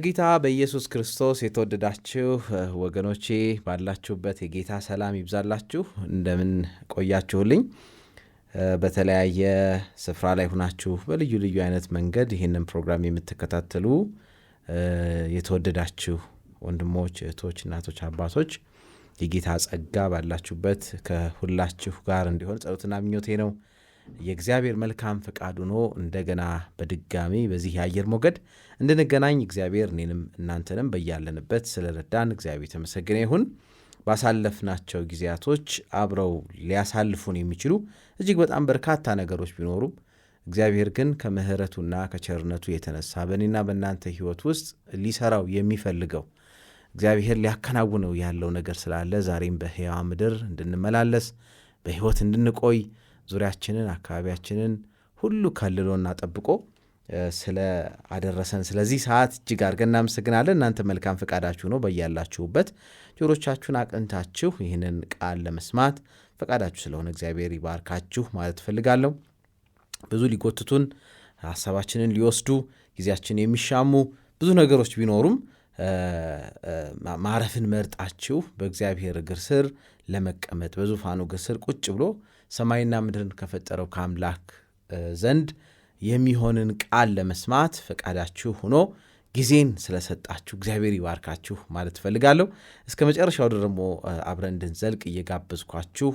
በጌታ በኢየሱስ ክርስቶስ የተወደዳችሁ ወገኖቼ ባላችሁበት የጌታ ሰላም ይብዛላችሁ። እንደምን ቆያችሁልኝ? በተለያየ ስፍራ ላይ ሁናችሁ በልዩ ልዩ አይነት መንገድ ይህንን ፕሮግራም የምትከታተሉ የተወደዳችሁ ወንድሞች፣ እህቶች፣ እናቶች፣ አባቶች የጌታ ጸጋ ባላችሁበት ከሁላችሁ ጋር እንዲሆን ጸሎትና ምኞቴ ነው። የእግዚአብሔር መልካም ፈቃድ ሆኖ እንደገና በድጋሚ በዚህ የአየር ሞገድ እንድንገናኝ እግዚአብሔር እኔንም እናንተንም በያለንበት ስለረዳን እግዚአብሔር የተመሰገነ ይሁን። ባሳለፍናቸው ጊዜያቶች አብረው ሊያሳልፉን የሚችሉ እጅግ በጣም በርካታ ነገሮች ቢኖሩም እግዚአብሔር ግን ከምሕረቱና ከቸርነቱ የተነሳ በእኔና በእናንተ ሕይወት ውስጥ ሊሰራው የሚፈልገው እግዚአብሔር ሊያከናውነው ያለው ነገር ስላለ ዛሬም በሕያዋ ምድር እንድንመላለስ በሕይወት እንድንቆይ ዙሪያችንን አካባቢያችንን ሁሉ ከልሎና ጠብቆ ስለ አደረሰን ስለዚህ ሰዓት እጅግ አድርገን እናመሰግናለን። እናንተ መልካም ፈቃዳችሁ ነው በያላችሁበት ጆሮቻችሁን አቅንታችሁ ይህንን ቃል ለመስማት ፈቃዳችሁ ስለሆነ እግዚአብሔር ይባርካችሁ ማለት እፈልጋለሁ። ብዙ ሊጎትቱን ሀሳባችንን ሊወስዱ ጊዜያችን የሚሻሙ ብዙ ነገሮች ቢኖሩም ማረፍን መርጣችሁ በእግዚአብሔር እግር ስር ለመቀመጥ በዙፋኑ እግር ስር ቁጭ ብሎ ሰማይና ምድርን ከፈጠረው ከአምላክ ዘንድ የሚሆንን ቃል ለመስማት ፈቃዳችሁ ሆኖ ጊዜን ስለሰጣችሁ እግዚአብሔር ይባርካችሁ ማለት ትፈልጋለሁ እስከ መጨረሻው ደግሞ አብረን እንድንዘልቅ እየጋበዝኳችሁ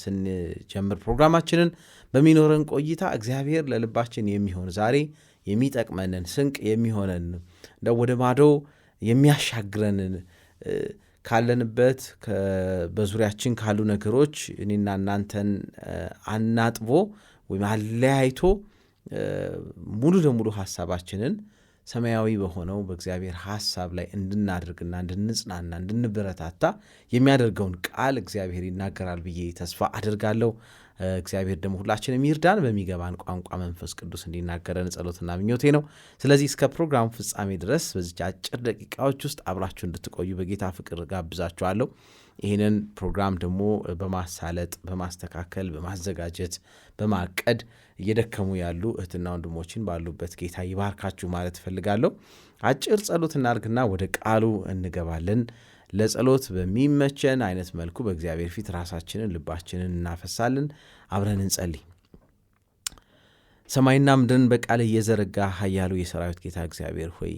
ስንጀምር ፕሮግራማችንን በሚኖረን ቆይታ እግዚአብሔር ለልባችን የሚሆን ዛሬ የሚጠቅመንን ስንቅ የሚሆነን እንደ ወደ ማዶ የሚያሻግረንን ካለንበት በዙሪያችን ካሉ ነገሮች እኔና እናንተን አናጥቦ ወይም አለያይቶ ሙሉ ለሙሉ ሀሳባችንን ሰማያዊ በሆነው በእግዚአብሔር ሀሳብ ላይ እንድናደርግና እንድንጽናና እንድንበረታታ የሚያደርገውን ቃል እግዚአብሔር ይናገራል ብዬ ተስፋ አድርጋለሁ። እግዚአብሔር ደግሞ ሁላችንም ይርዳን፣ በሚገባን ቋንቋ መንፈስ ቅዱስ እንዲናገረን ጸሎትና ምኞቴ ነው። ስለዚህ እስከ ፕሮግራሙ ፍጻሜ ድረስ በዚች አጭር ደቂቃዎች ውስጥ አብራችሁ እንድትቆዩ በጌታ ፍቅር ጋብዛችኋለሁ። ይህንን ፕሮግራም ደግሞ በማሳለጥ በማስተካከል በማዘጋጀት በማቀድ እየደከሙ ያሉ እህትና ወንድሞችን ባሉበት ጌታ ይባርካችሁ ማለት እፈልጋለሁ። አጭር ጸሎት እናድርግና ወደ ቃሉ እንገባለን። ለጸሎት በሚመቸን አይነት መልኩ በእግዚአብሔር ፊት ራሳችንን ልባችንን እናፈሳለን። አብረን እንጸልይ። ሰማይና ምድርን በቃል እየዘረጋ ኃያሉ የሰራዊት ጌታ እግዚአብሔር ሆይ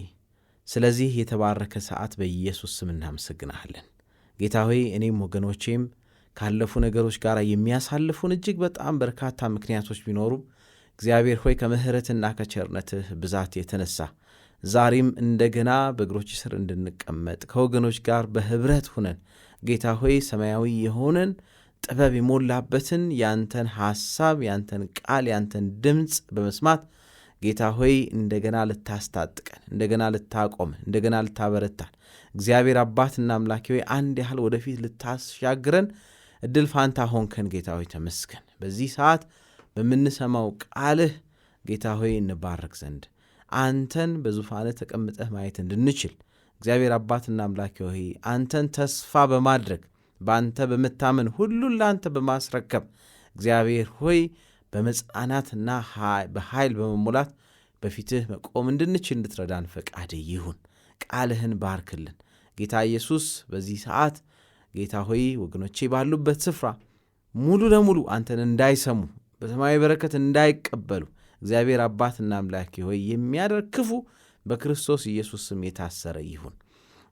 ስለዚህ የተባረከ ሰዓት በኢየሱስ ስም እናመሰግናሃለን። ጌታ ሆይ እኔም ወገኖቼም ካለፉ ነገሮች ጋር የሚያሳልፉን እጅግ በጣም በርካታ ምክንያቶች ቢኖሩም እግዚአብሔር ሆይ ከምሕረትና ከቸርነትህ ብዛት የተነሳ ዛሬም እንደገና በእግሮች ስር እንድንቀመጥ ከወገኖች ጋር በህብረት ሁነን ጌታ ሆይ ሰማያዊ የሆነን ጥበብ የሞላበትን ያንተን ሐሳብ፣ ያንተን ቃል፣ ያንተን ድምፅ በመስማት ጌታ ሆይ እንደገና ልታስታጥቀን፣ እንደገና ልታቆምን፣ እንደገና ልታበረታን እግዚአብሔር አባትና አምላኬ ሆይ አንድ ያህል ወደፊት ልታስሻግረን እድል ፋንታ ሆንከን ጌታ ሆይ ተመስገን። በዚህ ሰዓት በምንሰማው ቃልህ ጌታ ሆይ እንባረክ ዘንድ አንተን በዙፋነ ተቀምጠህ ማየት እንድንችል እግዚአብሔር አባትና አምላክ ሆይ አንተን ተስፋ በማድረግ በአንተ በመታመን ሁሉን ለአንተ በማስረከብ እግዚአብሔር ሆይ በመጽናናትና በኃይል በመሞላት በፊትህ መቆም እንድንችል እንድትረዳን ፈቃድ ይሁን። ቃልህን ባርክልን ጌታ ኢየሱስ። በዚህ ሰዓት ጌታ ሆይ ወገኖቼ ባሉበት ስፍራ ሙሉ ለሙሉ አንተን እንዳይሰሙ በሰማያዊ በረከት እንዳይቀበሉ እግዚአብሔር አባትና አምላኬ ሆይ የሚያደርግ ክፉ በክርስቶስ ኢየሱስ ስም የታሰረ ይሁን።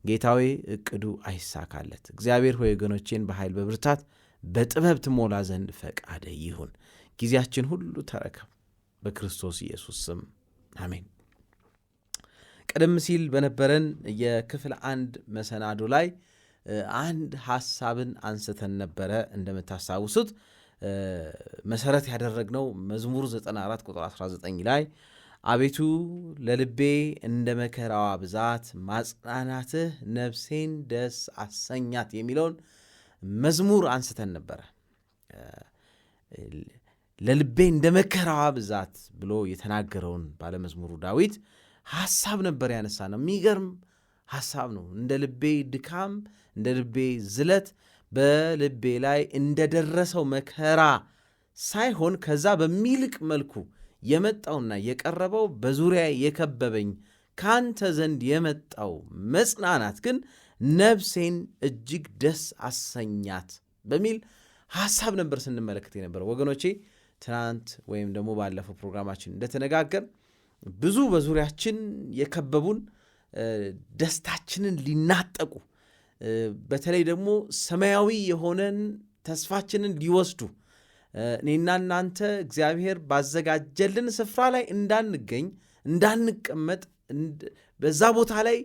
ጌታዊ እቅዱ አይሳካለት። እግዚአብሔር ሆይ ወገኖቼን በኃይል በብርታት በጥበብ ትሞላ ዘንድ ፈቃደ ይሁን። ጊዜያችን ሁሉ ተረከብ። በክርስቶስ ኢየሱስ ስም አሜን። ቀደም ሲል በነበረን የክፍል አንድ መሰናዶ ላይ አንድ ሐሳብን አንስተን ነበረ እንደምታስታውሱት መሰረት ያደረግነው መዝሙር 94 ቁጥር 19 ላይ አቤቱ ለልቤ እንደ መከራዋ ብዛት ማጽናናትህ ነፍሴን ደስ አሰኛት የሚለውን መዝሙር አንስተን ነበረ። ለልቤ እንደ መከራዋ ብዛት ብሎ የተናገረውን ባለመዝሙሩ ዳዊት ሀሳብ ነበር ያነሳ ነው። የሚገርም ሀሳብ ነው። እንደ ልቤ ድካም፣ እንደ ልቤ ዝለት በልቤ ላይ እንደደረሰው መከራ ሳይሆን ከዛ በሚልቅ መልኩ የመጣውና የቀረበው በዙሪያ የከበበኝ ካንተ ዘንድ የመጣው መጽናናት ግን ነፍሴን እጅግ ደስ አሰኛት በሚል ሐሳብ ነበር ስንመለከት የነበረ ወገኖቼ። ትናንት ወይም ደግሞ ባለፈው ፕሮግራማችን እንደተነጋገር ብዙ በዙሪያችን የከበቡን ደስታችንን ሊናጠቁ በተለይ ደግሞ ሰማያዊ የሆነን ተስፋችንን ሊወስዱ እኔና እናንተ እግዚአብሔር ባዘጋጀልን ስፍራ ላይ እንዳንገኝ እንዳንቀመጥ በዛ ቦታ ላይ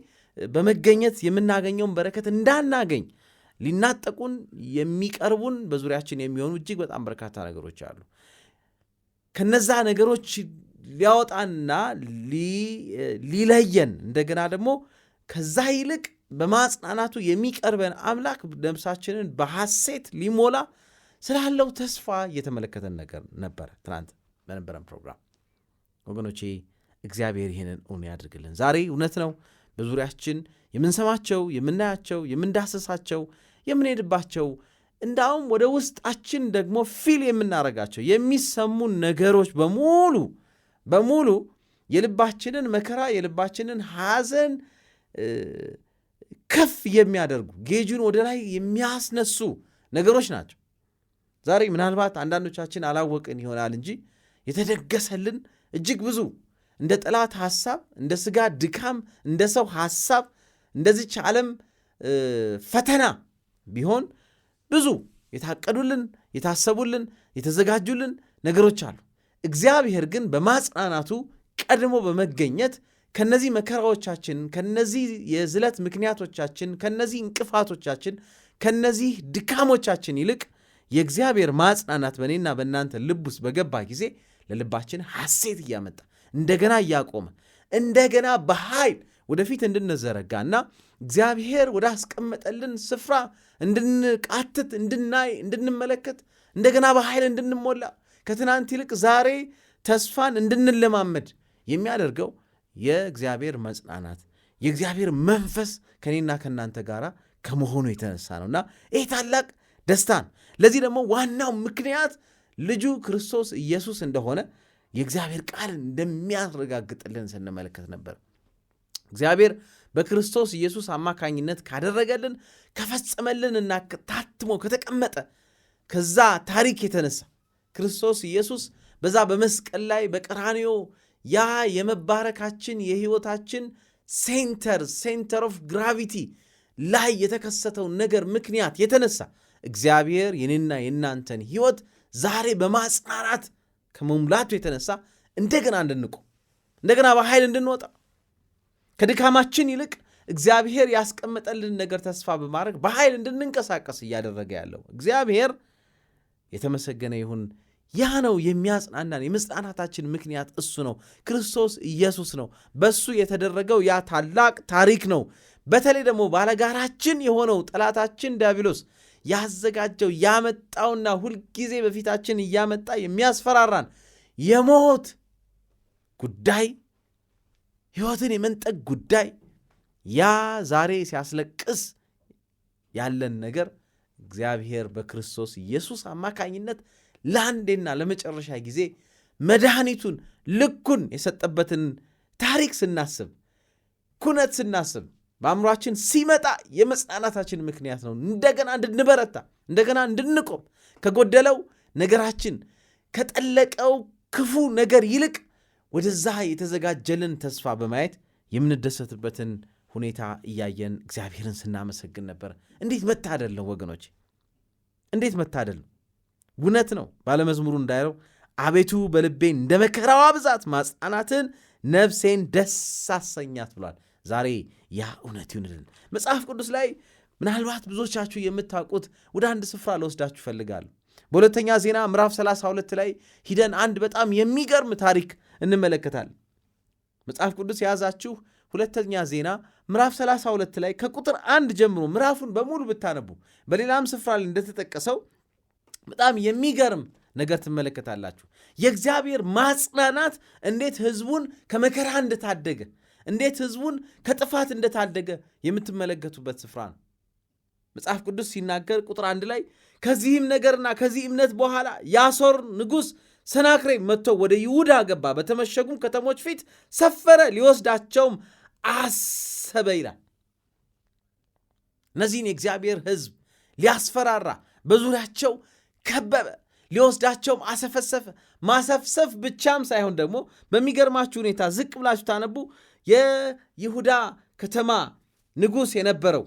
በመገኘት የምናገኘውን በረከት እንዳናገኝ ሊናጠቁን የሚቀርቡን በዙሪያችን የሚሆኑ እጅግ በጣም በርካታ ነገሮች አሉ። ከነዛ ነገሮች ሊያወጣንና ሊለየን እንደገና ደግሞ ከዛ ይልቅ በማጽናናቱ የሚቀርበን አምላክ ነፍሳችንን በሐሴት ሊሞላ ስላለው ተስፋ እየተመለከተን ነገር ነበረ። ትናንት በነበረን ፕሮግራም ወገኖቼ እግዚአብሔር ይህንን እውን ያድርግልን። ዛሬ እውነት ነው በዙሪያችን የምንሰማቸው፣ የምናያቸው፣ የምንዳሰሳቸው፣ የምንሄድባቸው እንዳውም ወደ ውስጣችን ደግሞ ፊል የምናደርጋቸው የሚሰሙ ነገሮች በሙሉ በሙሉ የልባችንን መከራ የልባችንን ሐዘን ከፍ የሚያደርጉ ጌጁን ወደ ላይ የሚያስነሱ ነገሮች ናቸው። ዛሬ ምናልባት አንዳንዶቻችን አላወቅን ይሆናል እንጂ የተደገሰልን እጅግ ብዙ እንደ ጠላት ሐሳብ፣ እንደ ስጋ ድካም፣ እንደ ሰው ሐሳብ እንደዚች ዓለም ፈተና ቢሆን ብዙ የታቀዱልን፣ የታሰቡልን፣ የተዘጋጁልን ነገሮች አሉ። እግዚአብሔር ግን በማጽናናቱ ቀድሞ በመገኘት ከነዚህ መከራዎቻችን፣ ከነዚህ የዝለት ምክንያቶቻችን፣ ከነዚህ እንቅፋቶቻችን፣ ከነዚህ ድካሞቻችን ይልቅ የእግዚአብሔር ማጽናናት በእኔና በእናንተ ልብ ውስጥ በገባ ጊዜ ለልባችን ሐሴት እያመጣ እንደገና እያቆመ እንደገና በኃይል ወደፊት እንድንዘረጋና እግዚአብሔር ወደ አስቀመጠልን ስፍራ እንድንቃትት፣ እንድናይ፣ እንድንመለከት እንደገና በኃይል እንድንሞላ ከትናንት ይልቅ ዛሬ ተስፋን እንድንለማመድ የሚያደርገው የእግዚአብሔር መጽናናት የእግዚአብሔር መንፈስ ከኔና ከእናንተ ጋር ከመሆኑ የተነሳ ነው እና ይህ ታላቅ ደስታን ለዚህ ደግሞ ዋናው ምክንያት ልጁ ክርስቶስ ኢየሱስ እንደሆነ የእግዚአብሔር ቃል እንደሚያረጋግጥልን ስንመለከት ነበር። እግዚአብሔር በክርስቶስ ኢየሱስ አማካኝነት ካደረገልን ከፈጸመልን እና ታትሞ ከተቀመጠ ከዛ ታሪክ የተነሳ ክርስቶስ ኢየሱስ በዛ በመስቀል ላይ በቀራንዮ ያ የመባረካችን የህይወታችን ሴንተር ሴንተር ኦፍ ግራቪቲ ላይ የተከሰተው ነገር ምክንያት የተነሳ እግዚአብሔር የኔና የእናንተን ህይወት ዛሬ በማጽናናት ከመሙላቱ የተነሳ እንደገና እንድንቆም እንደገና በኃይል እንድንወጣ ከድካማችን ይልቅ እግዚአብሔር ያስቀመጠልን ነገር ተስፋ በማድረግ በኃይል እንድንንቀሳቀስ እያደረገ ያለው እግዚአብሔር የተመሰገነ ይሁን። ያ ነው የሚያጽናናን። የመጽናናታችን ምክንያት እሱ ነው፣ ክርስቶስ ኢየሱስ ነው። በሱ የተደረገው ያ ታላቅ ታሪክ ነው። በተለይ ደግሞ ባለጋራችን የሆነው ጠላታችን ዲያብሎስ ያዘጋጀው ያመጣውና ሁልጊዜ በፊታችን እያመጣ የሚያስፈራራን የሞት ጉዳይ፣ ሕይወትን የመንጠቅ ጉዳይ ያ ዛሬ ሲያስለቅስ ያለን ነገር እግዚአብሔር በክርስቶስ ኢየሱስ አማካኝነት ለአንዴና ለመጨረሻ ጊዜ መድኃኒቱን ልኩን የሰጠበትን ታሪክ ስናስብ፣ ኩነት ስናስብ በአእምሯችን ሲመጣ የመጽናናታችን ምክንያት ነው። እንደገና እንድንበረታ፣ እንደገና እንድንቆም ከጎደለው ነገራችን ከጠለቀው ክፉ ነገር ይልቅ ወደዛ የተዘጋጀልን ተስፋ በማየት የምንደሰትበትን ሁኔታ እያየን እግዚአብሔርን ስናመሰግን ነበር። እንዴት መታደል ነው ወገኖች! እንዴት መታደል ነው! እውነት ነው ባለመዝሙሩ እንዳለው አቤቱ በልቤ እንደ መከራዋ ብዛት ማጽናናትን ነፍሴን ደስ አሰኛት ብሏል። ዛሬ ያ እውነት ይሁንልን። መጽሐፍ ቅዱስ ላይ ምናልባት ብዙዎቻችሁ የምታውቁት ወደ አንድ ስፍራ ለወስዳችሁ ይፈልጋሉ። በሁለተኛ ዜና ምዕራፍ 32 ላይ ሂደን አንድ በጣም የሚገርም ታሪክ እንመለከታል። መጽሐፍ ቅዱስ የያዛችሁ ሁለተኛ ዜና ምዕራፍ 32 ላይ ከቁጥር አንድ ጀምሮ ምዕራፉን በሙሉ ብታነቡ በሌላም ስፍራ ላይ እንደተጠቀሰው በጣም የሚገርም ነገር ትመለከታላችሁ። የእግዚአብሔር ማጽናናት እንዴት ህዝቡን ከመከራ እንደታደገ፣ እንዴት ህዝቡን ከጥፋት እንደታደገ የምትመለከቱበት ስፍራ ነው። መጽሐፍ ቅዱስ ሲናገር ቁጥር አንድ ላይ ከዚህም ነገርና ከዚህ እምነት በኋላ የአሦር ንጉሥ ሰናክሬ መጥቶ ወደ ይሁዳ ገባ፣ በተመሸጉም ከተሞች ፊት ሰፈረ፣ ሊወስዳቸውም አሰበ ይላል። እነዚህን የእግዚአብሔር ህዝብ ሊያስፈራራ በዙሪያቸው ከበበ፣ ሊወስዳቸውም አሰፈሰፈ። ማሰፍሰፍ ብቻም ሳይሆን ደግሞ በሚገርማችሁ ሁኔታ ዝቅ ብላችሁ ታነቡ የይሁዳ ከተማ ንጉሥ የነበረው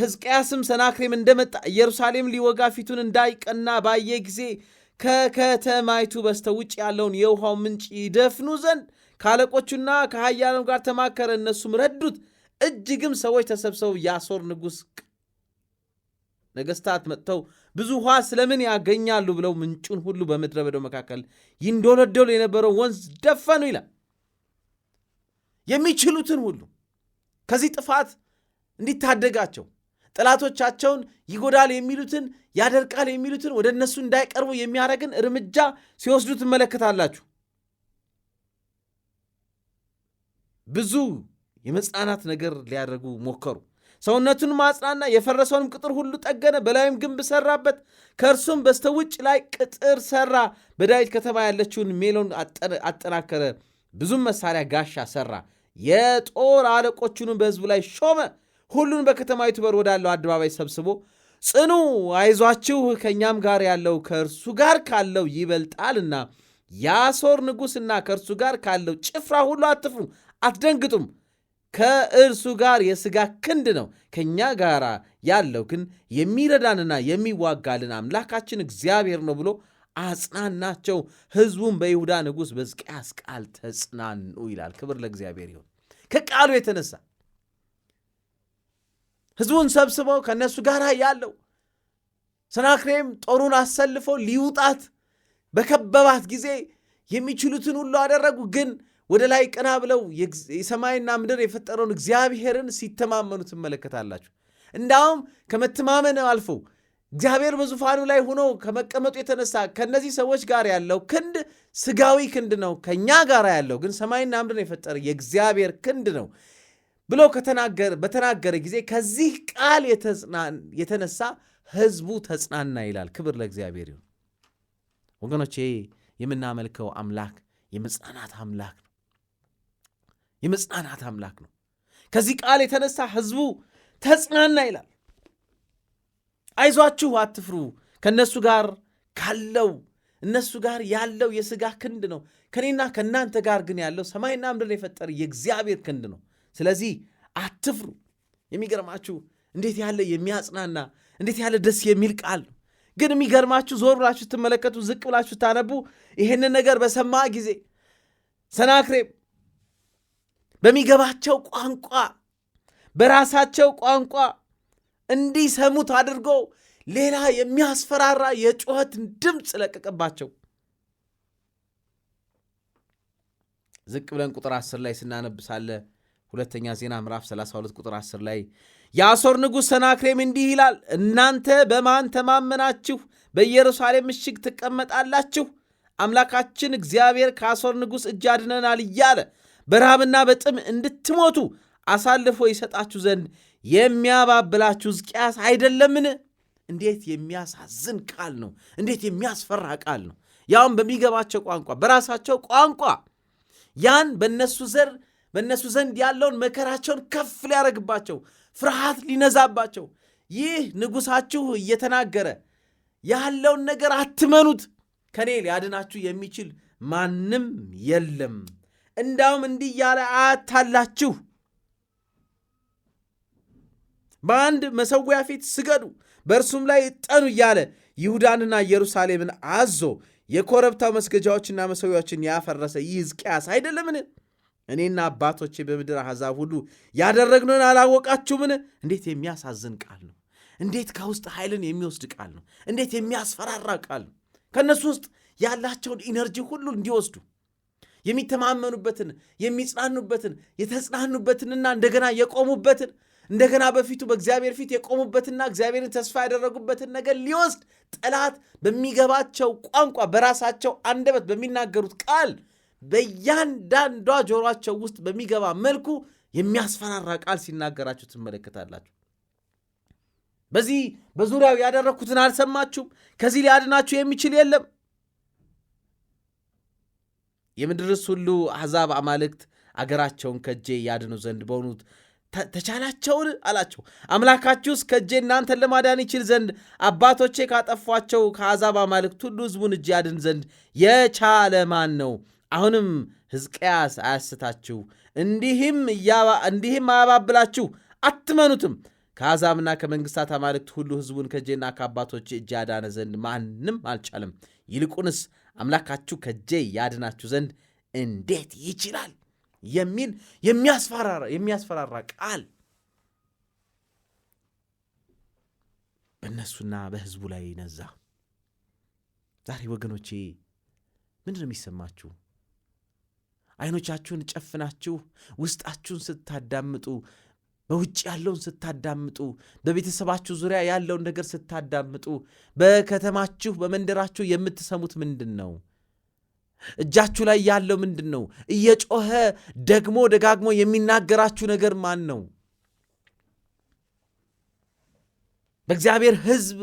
ሕዝቅያስም ሰናክሬም እንደመጣ ኢየሩሳሌም ሊወጋ ፊቱን እንዳይቀና ባየ ጊዜ ከከተማይቱ በስተ ውጭ ያለውን የውሃው ምንጭ ይደፍኑ ዘንድ ከአለቆቹና ከሀያለም ጋር ተማከረ። እነሱም ረዱት። እጅግም ሰዎች ተሰብስበው የአሦር ንጉሥ ነገሥታት መጥተው ብዙ ውሃ ስለምን ያገኛሉ ብለው ምንጩን ሁሉ በምድረ በዳው መካከል ይንዶለዶል የነበረው ወንዝ ደፈኑ ይላል። የሚችሉትን ሁሉ ከዚህ ጥፋት እንዲታደጋቸው ጠላቶቻቸውን ይጎዳል የሚሉትን ያደርቃል የሚሉትን ወደ እነሱ እንዳይቀርቡ የሚያደርግን እርምጃ ሲወስዱ ትመለከታላችሁ። ብዙ የመጽናናት ነገር ሊያደርጉ ሞከሩ። ሰውነቱን ማጽናና የፈረሰውንም ቅጥር ሁሉ ጠገነ፣ በላዩም ግንብ ሰራበት። ከእርሱም በስተውጭ ላይ ቅጥር ሰራ፣ በዳዊት ከተማ ያለችውን ሜሎን አጠናከረ። ብዙም መሳሪያ ጋሻ ሰራ። የጦር አለቆቹንም በሕዝቡ ላይ ሾመ። ሁሉን በከተማዊቱ በር ወዳለው አደባባይ ሰብስቦ ጽኑ፣ አይዟችሁ፣ ከእኛም ጋር ያለው ከእርሱ ጋር ካለው ይበልጣልና፣ የአሦር ንጉሥና ከእርሱ ጋር ካለው ጭፍራ ሁሉ አትፍሩ፣ አትደንግጡም ከእርሱ ጋር የሥጋ ክንድ ነው። ከእኛ ጋር ያለው ግን የሚረዳንና የሚዋጋልን አምላካችን እግዚአብሔር ነው ብሎ አጽናናቸው። ሕዝቡም በይሁዳ ንጉሥ በሕዝቅያስ ቃል ተጽናኑ ይላል። ክብር ለእግዚአብሔር ይሁን። ከቃሉ የተነሳ ሕዝቡን ሰብስበው ከእነሱ ጋር ያለው ሰናክሬም ጦሩን አሰልፈው ሊውጣት በከበባት ጊዜ የሚችሉትን ሁሉ አደረጉ ግን ወደ ላይ ቀና ብለው የሰማይና ምድር የፈጠረውን እግዚአብሔርን ሲተማመኑ ትመለከታላችሁ። እንዳውም ከመተማመን አልፎ እግዚአብሔር በዙፋኑ ላይ ሆኖ ከመቀመጡ የተነሳ ከእነዚህ ሰዎች ጋር ያለው ክንድ ስጋዊ ክንድ ነው፣ ከእኛ ጋር ያለው ግን ሰማይና ምድር የፈጠረ የእግዚአብሔር ክንድ ነው ብሎ በተናገረ ጊዜ ከዚህ ቃል የተነሳ ሕዝቡ ተጽናና ይላል። ክብር ለእግዚአብሔር ይሁን። ወገኖቼ የምናመልከው አምላክ የመጽናናት አምላክ የመጽናናት አምላክ ነው። ከዚህ ቃል የተነሳ ህዝቡ ተጽናና ይላል። አይዟችሁ፣ አትፍሩ፣ ከእነሱ ጋር ካለው እነሱ ጋር ያለው የሥጋ ክንድ ነው፣ ከእኔና ከእናንተ ጋር ግን ያለው ሰማይና ምድር የፈጠረ የእግዚአብሔር ክንድ ነው። ስለዚህ አትፍሩ። የሚገርማችሁ እንዴት ያለ የሚያጽናና እንዴት ያለ ደስ የሚል ቃል ነው። ግን የሚገርማችሁ ዞር ብላችሁ ስትመለከቱ፣ ዝቅ ብላችሁ ስታነቡ ይህንን ነገር በሰማ ጊዜ ሰናክሬም በሚገባቸው ቋንቋ በራሳቸው ቋንቋ እንዲሰሙት አድርጎ ሌላ የሚያስፈራራ የጩኸት ድምፅ ለቀቀባቸው። ዝቅ ብለን ቁጥር 10 ላይ ስናነብ ሳለ ሁለተኛ ዜና ምዕራፍ 32 ቁጥር 10 ላይ የአሦር ንጉሥ ሰናክሬም እንዲህ ይላል፣ እናንተ በማን ተማመናችሁ በኢየሩሳሌም ምሽግ ትቀመጣላችሁ? አምላካችን እግዚአብሔር ከአሦር ንጉሥ እጅ አድነናል እያለ በረሃብና በጥም እንድትሞቱ አሳልፎ ይሰጣችሁ ዘንድ የሚያባብላችሁ ሕዝቅያስ አይደለምን? እንዴት የሚያሳዝን ቃል ነው! እንዴት የሚያስፈራ ቃል ነው! ያውም በሚገባቸው ቋንቋ፣ በራሳቸው ቋንቋ ያን በነሱ ዘር በእነሱ ዘንድ ያለውን መከራቸውን ከፍ ሊያደርግባቸው፣ ፍርሃት ሊነዛባቸው ይህ ንጉሳችሁ እየተናገረ ያለውን ነገር አትመኑት፣ ከኔ ሊያድናችሁ የሚችል ማንም የለም እንዳውም እንዲህ እያለ አታላችሁ፣ በአንድ መሰዊያ ፊት ስገዱ፣ በእርሱም ላይ ጠኑ እያለ ይሁዳንና ኢየሩሳሌምን አዞ የኮረብታው መስገጃዎችና መሰዊያዎችን ያፈረሰ ይህ ሕዝቅያስ አይደለምን? እኔና አባቶቼ በምድር አሕዛብ ሁሉ ያደረግነውን አላወቃችሁምን? እንዴት የሚያሳዝን ቃል ነው! እንዴት ከውስጥ ኃይልን የሚወስድ ቃል ነው! እንዴት የሚያስፈራራ ቃል ነው! ከእነሱ ውስጥ ያላቸውን ኢነርጂ ሁሉ እንዲወስዱ የሚተማመኑበትን የሚጽናኑበትን የተጽናኑበትንና እንደገና የቆሙበትን እንደገና በፊቱ በእግዚአብሔር ፊት የቆሙበትና እግዚአብሔርን ተስፋ ያደረጉበትን ነገር ሊወስድ ጠላት በሚገባቸው ቋንቋ በራሳቸው አንደበት በሚናገሩት ቃል በእያንዳንዷ ጆሯቸው ውስጥ በሚገባ መልኩ የሚያስፈራራ ቃል ሲናገራችሁ ትመለከታላችሁ። በዚህ በዙሪያው ያደረግኩትን አልሰማችሁም? ከዚህ ሊያድናችሁ የሚችል የለም የምድርስ ሁሉ አሕዛብ አማልክት አገራቸውን ከጄ ያድኑ ዘንድ በሆኑት ተቻላቸውን አላቸው። አምላካችሁስ ከጄ እናንተን ለማዳን ይችል ዘንድ አባቶቼ ካጠፏቸው ከአሕዛብ አማልክት ሁሉ ሕዝቡን እጅ ያድን ዘንድ የቻለ ማን ነው? አሁንም ሕዝቅያስ አያስታችሁ፣ እንዲህም አያባብላችሁ፣ አትመኑትም። ከአሕዛብና ከመንግሥታት አማልክት ሁሉ ሕዝቡን ከጄና ከአባቶቼ እጅ ያዳነ ዘንድ ማንም አልቻለም። ይልቁንስ አምላካችሁ ከጄ ያድናችሁ ዘንድ እንዴት ይችላል የሚል የሚያስፈራራ ቃል በእነሱና በህዝቡ ላይ ነዛ። ዛሬ ወገኖቼ ምንድን ነው የሚሰማችሁ? አይኖቻችሁን ጨፍናችሁ ውስጣችሁን ስታዳምጡ በውጭ ያለውን ስታዳምጡ፣ በቤተሰባችሁ ዙሪያ ያለውን ነገር ስታዳምጡ፣ በከተማችሁ በመንደራችሁ የምትሰሙት ምንድን ነው? እጃችሁ ላይ ያለው ምንድን ነው? እየጮኸ ደግሞ ደጋግሞ የሚናገራችሁ ነገር ማን ነው? በእግዚአብሔር ሕዝብ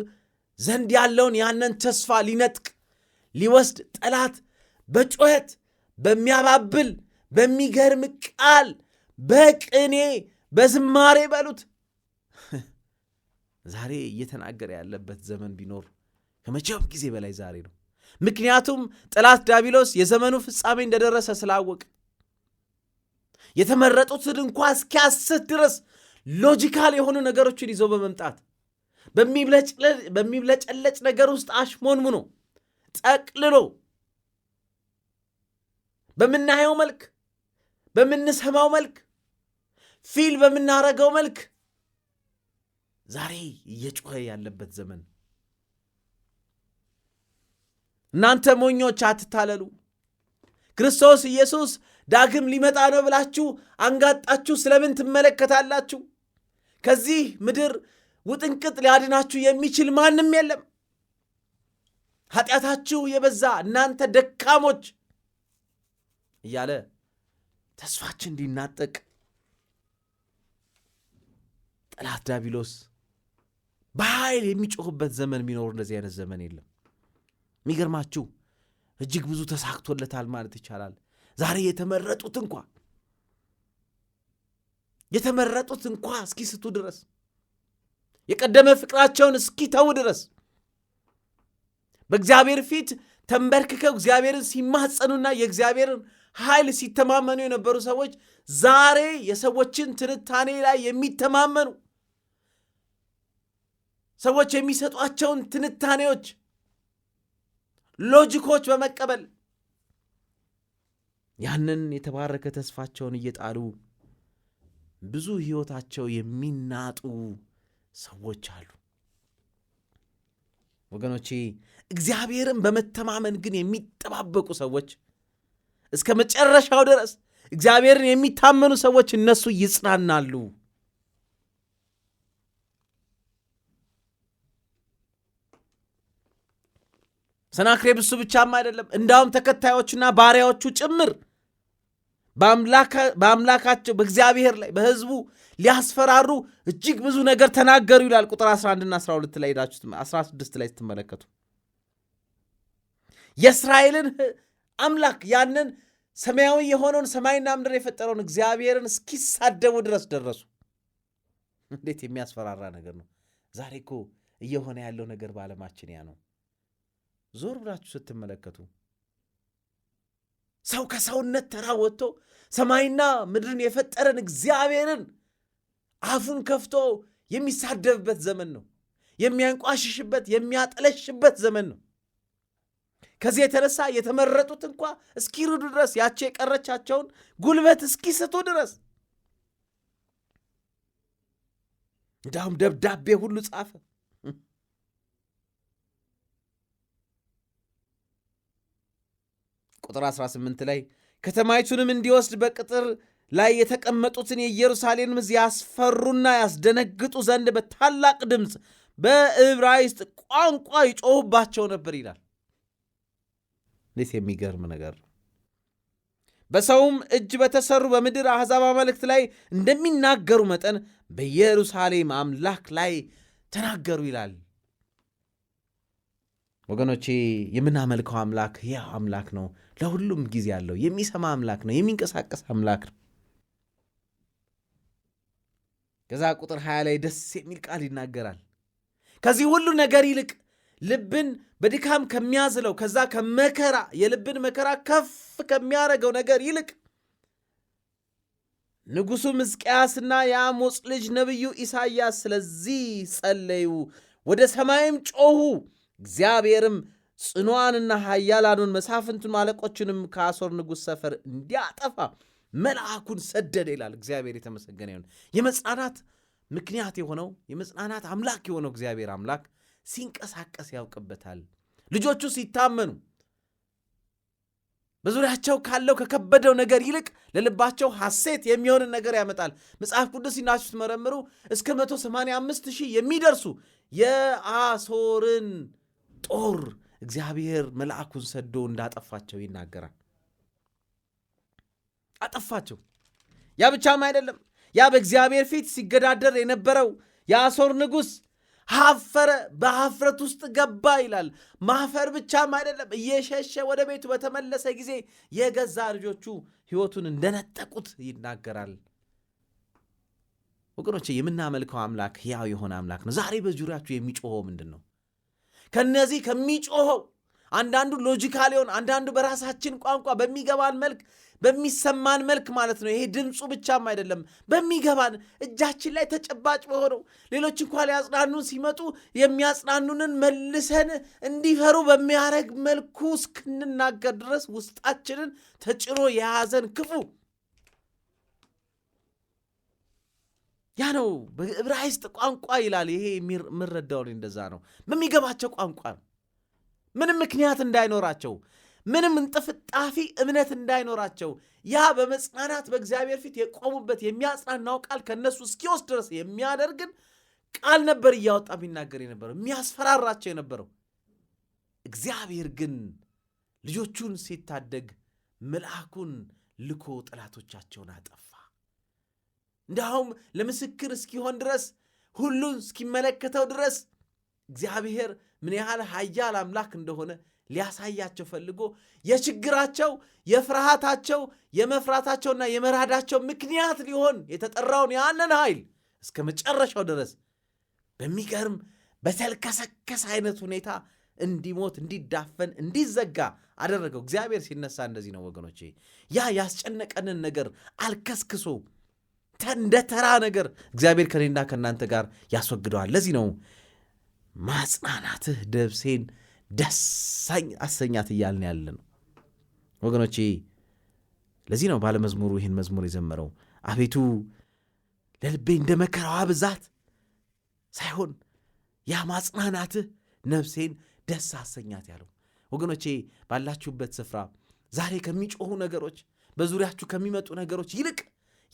ዘንድ ያለውን ያንን ተስፋ ሊነጥቅ ሊወስድ ጠላት በጩኸት በሚያባብል በሚገርም ቃል በቅኔ በዝማሬ በሉት። ዛሬ እየተናገረ ያለበት ዘመን ቢኖር ከመቼውም ጊዜ በላይ ዛሬ ነው። ምክንያቱም ጠላት ዳቢሎስ የዘመኑ ፍጻሜ እንደደረሰ ስላወቅ የተመረጡትን እንኳ እስኪያስት ድረስ ሎጂካል የሆኑ ነገሮችን ይዞ በመምጣት በሚብለጨለጭ ነገር ውስጥ አሽሞንሙኖ ጠቅልሎ በምናየው መልክ በምንሰማው መልክ ፊል በምናረገው መልክ ዛሬ እየጮኸ ያለበት ዘመን። እናንተ ሞኞች አትታለሉ። ክርስቶስ ኢየሱስ ዳግም ሊመጣ ነው ብላችሁ አንጋጣችሁ ስለምን ትመለከታላችሁ? ከዚህ ምድር ውጥንቅጥ ሊያድናችሁ የሚችል ማንም የለም። ኃጢአታችሁ የበዛ እናንተ ደካሞች እያለ ተስፋችን እንዲናጠቅ ጠላት ዳቢሎስ በኃይል የሚጮኽበት ዘመን የሚኖሩ እንደዚህ አይነት ዘመን የለም። የሚገርማችሁ እጅግ ብዙ ተሳክቶለታል ማለት ይቻላል። ዛሬ የተመረጡት እንኳ የተመረጡት እንኳ እስኪስቱ ድረስ የቀደመ ፍቅራቸውን እስኪተው ድረስ በእግዚአብሔር ፊት ተንበርክከው እግዚአብሔርን ሲማጸኑና የእግዚአብሔርን ኃይል ሲተማመኑ የነበሩ ሰዎች ዛሬ የሰዎችን ትንታኔ ላይ የሚተማመኑ ሰዎች የሚሰጧቸውን ትንታኔዎች፣ ሎጂኮች በመቀበል ያንን የተባረከ ተስፋቸውን እየጣሉ ብዙ ሕይወታቸው የሚናጡ ሰዎች አሉ። ወገኖቼ እግዚአብሔርን በመተማመን ግን የሚጠባበቁ ሰዎች እስከ መጨረሻው ድረስ እግዚአብሔርን የሚታመኑ ሰዎች እነሱ ይጽናናሉ። ሰናክሬብ እሱ ብቻም አይደለም፣ እንዳውም ተከታዮቹና ባሪያዎቹ ጭምር በአምላካቸው በእግዚአብሔር ላይ በህዝቡ ሊያስፈራሩ እጅግ ብዙ ነገር ተናገሩ ይላል። ቁጥር 11ና 12 ላይ ሄዳችሁ 16 ላይ ስትመለከቱ የእስራኤልን አምላክ ያንን ሰማያዊ የሆነውን ሰማይና ምድር የፈጠረውን እግዚአብሔርን እስኪሳደቡ ድረስ ደረሱ። እንዴት የሚያስፈራራ ነገር ነው! ዛሬ እኮ እየሆነ ያለው ነገር በዓለማችን ያ ነው። ዞር ብላችሁ ስትመለከቱ ሰው ከሰውነት ተራ ወጥቶ ሰማይና ምድርን የፈጠረን እግዚአብሔርን አፉን ከፍቶ የሚሳደብበት ዘመን ነው። የሚያንቋሽሽበት፣ የሚያጠለሽበት ዘመን ነው። ከዚህ የተነሳ የተመረጡት እንኳ እስኪርዱ ድረስ ያቸው የቀረቻቸውን ጉልበት እስኪስቱ ድረስ እንዲሁም ደብዳቤ ሁሉ ጻፈ። ቁጥር 18 ላይ ከተማይቱንም እንዲወስድ በቅጥር ላይ የተቀመጡትን የኢየሩሳሌም ያስፈሩና ያስደነግጡ ዘንድ በታላቅ ድምፅ በዕብራይስጥ ቋንቋ ይጮሁባቸው ነበር ይላል። እንዴት የሚገርም ነገር ነው! በሰውም እጅ በተሰሩ በምድር አሕዛብ አማልክት ላይ እንደሚናገሩ መጠን በኢየሩሳሌም አምላክ ላይ ተናገሩ ይላል። ወገኖቼ የምናመልከው አምላክ ያ አምላክ ነው። ለሁሉም ጊዜ አለው። የሚሰማ አምላክ ነው። የሚንቀሳቀስ አምላክ ነው። ከዛ ቁጥር ሀያ ላይ ደስ የሚል ቃል ይናገራል። ከዚህ ሁሉ ነገር ይልቅ ልብን በድካም ከሚያዝለው ከዛ ከመከራ የልብን መከራ ከፍ ከሚያደርገው ነገር ይልቅ ንጉሱ ሕዝቅያስና የአሞጽ ልጅ ነቢዩ ኢሳይያስ ስለዚህ ጸለዩ፣ ወደ ሰማይም ጮኹ፣ እግዚአብሔርም ጽኑዋንና ኃያላኑን መሳፍንቱን አለቆችንም ከአሶር ንጉሥ ሰፈር እንዲያጠፋ መልአኩን ሰደደ ይላል። እግዚአብሔር የተመሰገነ ይሁን። የመጽናናት ምክንያት የሆነው የመጽናናት አምላክ የሆነው እግዚአብሔር አምላክ ሲንቀሳቀስ ያውቅበታል። ልጆቹ ሲታመኑ በዙሪያቸው ካለው ከከበደው ነገር ይልቅ ለልባቸው ሐሴት የሚሆንን ነገር ያመጣል። መጽሐፍ ቅዱስ ሲናችሁ ስትመረምሩ እስከ 185 ሺህ የሚደርሱ የአሶርን ጦር እግዚአብሔር መልአኩን ሰዶ እንዳጠፋቸው ይናገራል። አጠፋቸው። ያ ብቻም አይደለም። ያ በእግዚአብሔር ፊት ሲገዳደር የነበረው የአሦር ንጉሥ አፈረ በአፍረት ውስጥ ገባ ይላል። ማፈር ብቻም አይደለም። እየሸሸ ወደ ቤቱ በተመለሰ ጊዜ የገዛ ልጆቹ ሕይወቱን እንደነጠቁት ይናገራል። ወገኖቼ የምናመልከው አምላክ ሕያው የሆነ አምላክ ነው። ዛሬ በዙሪያችሁ የሚጮኸው ምንድን ነው? ከነዚህ ከሚጮኸው አንዳንዱ ሎጂካል ይሆን አንዳንዱ በራሳችን ቋንቋ በሚገባን መልክ በሚሰማን መልክ ማለት ነው። ይሄ ድምፁ ብቻም አይደለም፣ በሚገባን እጃችን ላይ ተጨባጭ በሆነው ሌሎች እንኳ ሊያጽናኑን ሲመጡ የሚያጽናኑንን መልሰን እንዲፈሩ በሚያደርግ መልኩ እስክንናገር ድረስ ውስጣችንን ተጭኖ የያዘን ክፉ ያ ነው በዕብራይስጥ ቋንቋ ይላል። ይሄ የምረዳው እንደዛ ነው። በሚገባቸው ቋንቋ ምንም ምክንያት እንዳይኖራቸው፣ ምንም እንጥፍጣፊ እምነት እንዳይኖራቸው ያ በመጽናናት በእግዚአብሔር ፊት የቆሙበት የሚያጽናናው ቃል ከእነሱ እስኪወስድ ድረስ የሚያደርግን ቃል ነበር እያወጣ የሚናገር የነበረው የሚያስፈራራቸው የነበረው። እግዚአብሔር ግን ልጆቹን ሲታደግ መልአኩን ልኮ ጠላቶቻቸውን አጠፋ። እንዲሁም ለምስክር እስኪሆን ድረስ ሁሉን እስኪመለከተው ድረስ እግዚአብሔር ምን ያህል ኃያል አምላክ እንደሆነ ሊያሳያቸው ፈልጎ የችግራቸው፣ የፍርሃታቸው፣ የመፍራታቸውና የመራዳቸው ምክንያት ሊሆን የተጠራውን ያንን ኃይል እስከ መጨረሻው ድረስ በሚገርም በተልከሰከሰ አይነት ሁኔታ እንዲሞት፣ እንዲዳፈን፣ እንዲዘጋ አደረገው። እግዚአብሔር ሲነሳ እንደዚህ ነው ወገኖቼ። ያ ያስጨነቀንን ነገር አልከስክሶም። እንደ ተራ ነገር እግዚአብሔር ከኔና ከእናንተ ጋር ያስወግደዋል። ለዚህ ነው ማጽናናትህ ደብሴን ደሳኝ አሰኛት እያልን ያለ ነው ወገኖቼ። ለዚህ ነው ባለመዝሙሩ ይህን መዝሙር የዘመረው። አቤቱ ለልቤ እንደ መከራዋ ብዛት ሳይሆን ያ ማጽናናትህ ነፍሴን ደስ አሰኛት ያለው። ወገኖቼ ባላችሁበት ስፍራ ዛሬ ከሚጮኹ ነገሮች፣ በዙሪያችሁ ከሚመጡ ነገሮች ይልቅ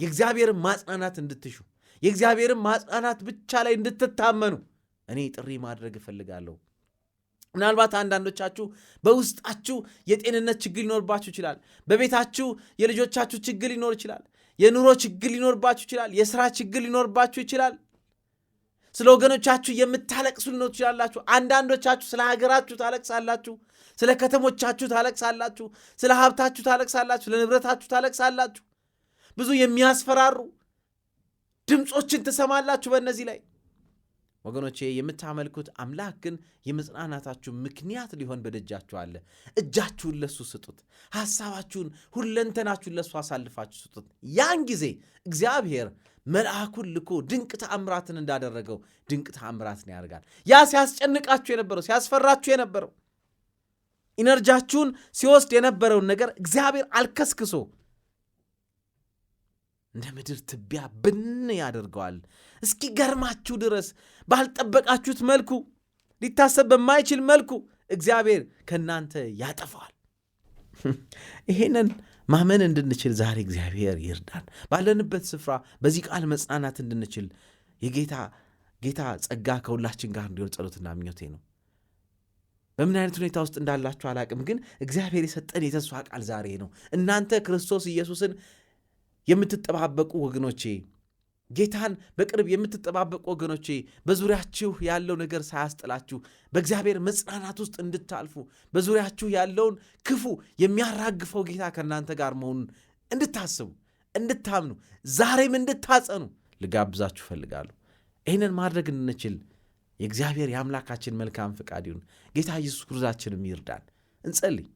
የእግዚአብሔርን ማጽናናት እንድትሹ የእግዚአብሔርን ማጽናናት ብቻ ላይ እንድትታመኑ እኔ ጥሪ ማድረግ እፈልጋለሁ። ምናልባት አንዳንዶቻችሁ በውስጣችሁ የጤንነት ችግር ሊኖርባችሁ ይችላል። በቤታችሁ የልጆቻችሁ ችግር ሊኖር ይችላል። የኑሮ ችግር ሊኖርባችሁ ይችላል። የስራ ችግር ሊኖርባችሁ ይችላል። ስለ ወገኖቻችሁ የምታለቅሱ ሊኖር ትችላላችሁ። አንዳንዶቻችሁ ስለ ሀገራችሁ ታለቅሳላችሁ። ስለ ከተሞቻችሁ ታለቅሳላችሁ። ስለ ሀብታችሁ ታለቅሳላችሁ። ስለ ንብረታችሁ ታለቅሳላችሁ። ብዙ የሚያስፈራሩ ድምፆችን ትሰማላችሁ። በእነዚህ ላይ ወገኖቼ የምታመልኩት አምላክ ግን የመጽናናታችሁ ምክንያት ሊሆን በደጃችሁ አለ። እጃችሁን ለሱ ስጡት። ሐሳባችሁን፣ ሁለንተናችሁን ለሱ አሳልፋችሁ ስጡት። ያን ጊዜ እግዚአብሔር መልአኩን ልኮ ድንቅ ተአምራትን እንዳደረገው ድንቅ ተአምራትን ያደርጋል። ያ ሲያስጨንቃችሁ የነበረው ሲያስፈራችሁ የነበረው ኢነርጃችሁን ሲወስድ የነበረውን ነገር እግዚአብሔር አልከስክሶ እንደ ምድር ትቢያ ብን ያደርገዋል። እስኪገርማችሁ ድረስ ባልጠበቃችሁት መልኩ፣ ሊታሰብ በማይችል መልኩ እግዚአብሔር ከእናንተ ያጠፋዋል። ይሄንን ማመን እንድንችል ዛሬ እግዚአብሔር ይርዳን። ባለንበት ስፍራ በዚህ ቃል መጽናናት እንድንችል የጌታ ጌታ ጸጋ ከሁላችን ጋር እንዲሆን ጸሎትና ምኞቴ ነው። በምን አይነት ሁኔታ ውስጥ እንዳላችሁ አላቅም፣ ግን እግዚአብሔር የሰጠን የተስፋ ቃል ዛሬ ነው። እናንተ ክርስቶስ ኢየሱስን የምትጠባበቁ ወገኖቼ ጌታን በቅርብ የምትጠባበቁ ወገኖቼ በዙሪያችሁ ያለው ነገር ሳያስጥላችሁ በእግዚአብሔር መጽናናት ውስጥ እንድታልፉ በዙሪያችሁ ያለውን ክፉ የሚያራግፈው ጌታ ከእናንተ ጋር መሆኑን እንድታስቡ፣ እንድታምኑ፣ ዛሬም እንድታጸኑ ልጋብዛችሁ እፈልጋለሁ። ይህንን ማድረግ እንችል የእግዚአብሔር የአምላካችን መልካም ፍቃድ ይሁን። ጌታ ኢየሱስ ክርስቶሳችንም ይርዳን። እንጸልይ።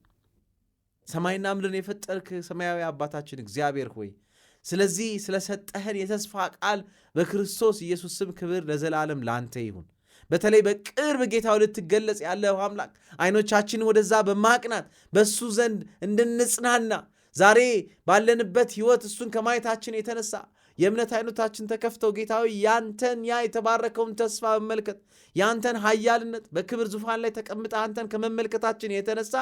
ሰማይና ምድርን የፈጠርክ ሰማያዊ አባታችን እግዚአብሔር ሆይ ስለዚህ ስለሰጠህን የተስፋ ቃል በክርስቶስ ኢየሱስ ስም ክብር ለዘላለም ላንተ ይሁን። በተለይ በቅርብ ጌታ ልትገለጽ ያለው አምላክ አይኖቻችንን ወደዛ በማቅናት በእሱ ዘንድ እንድንጽናና ዛሬ ባለንበት ሕይወት እሱን ከማየታችን የተነሳ የእምነት አይነታችን ተከፍተው ጌታዊ ያንተን ያ የተባረከውን ተስፋ መመልከት ያንተን ኃያልነት በክብር ዙፋን ላይ ተቀምጠ አንተን ከመመልከታችን የተነሳ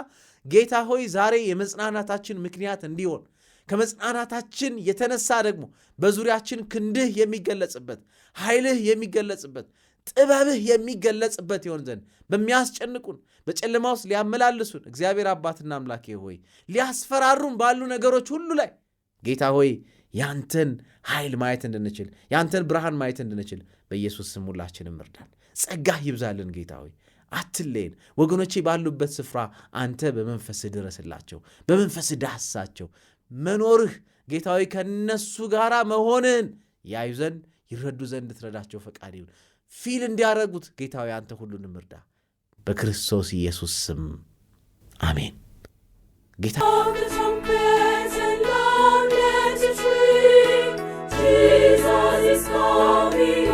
ጌታ ሆይ ዛሬ የመጽናናታችን ምክንያት እንዲሆን ከመጽናናታችን የተነሳ ደግሞ በዙሪያችን ክንድህ የሚገለጽበት ኃይልህ የሚገለጽበት ጥበብህ የሚገለጽበት ይሆን ዘንድ በሚያስጨንቁን በጨለማ ውስጥ ሊያመላልሱን እግዚአብሔር አባትና አምላኬ ሆይ ሊያስፈራሩን ባሉ ነገሮች ሁሉ ላይ ጌታ ሆይ ያንተን ኃይል ማየት እንድንችል ያንተን ብርሃን ማየት እንድንችል በኢየሱስ ስም ሁላችንም እርዳን። ጸጋህ ይብዛልን ጌታ ሆይ አትለይን። ወገኖቼ ባሉበት ስፍራ አንተ በመንፈስ ድረስላቸው፣ በመንፈስ ዳሳቸው፣ መኖርህ ጌታዊ ከነሱ ጋር መሆንን ያዩ ዘንድ ይረዱ ዘንድ ትረዳቸው ፈቃድ ይሁን ፊል እንዲያደረጉት ጌታዊ አንተ ሁሉንም እርዳ። በክርስቶስ ኢየሱስ ስም አሜን። ጌታ Jesus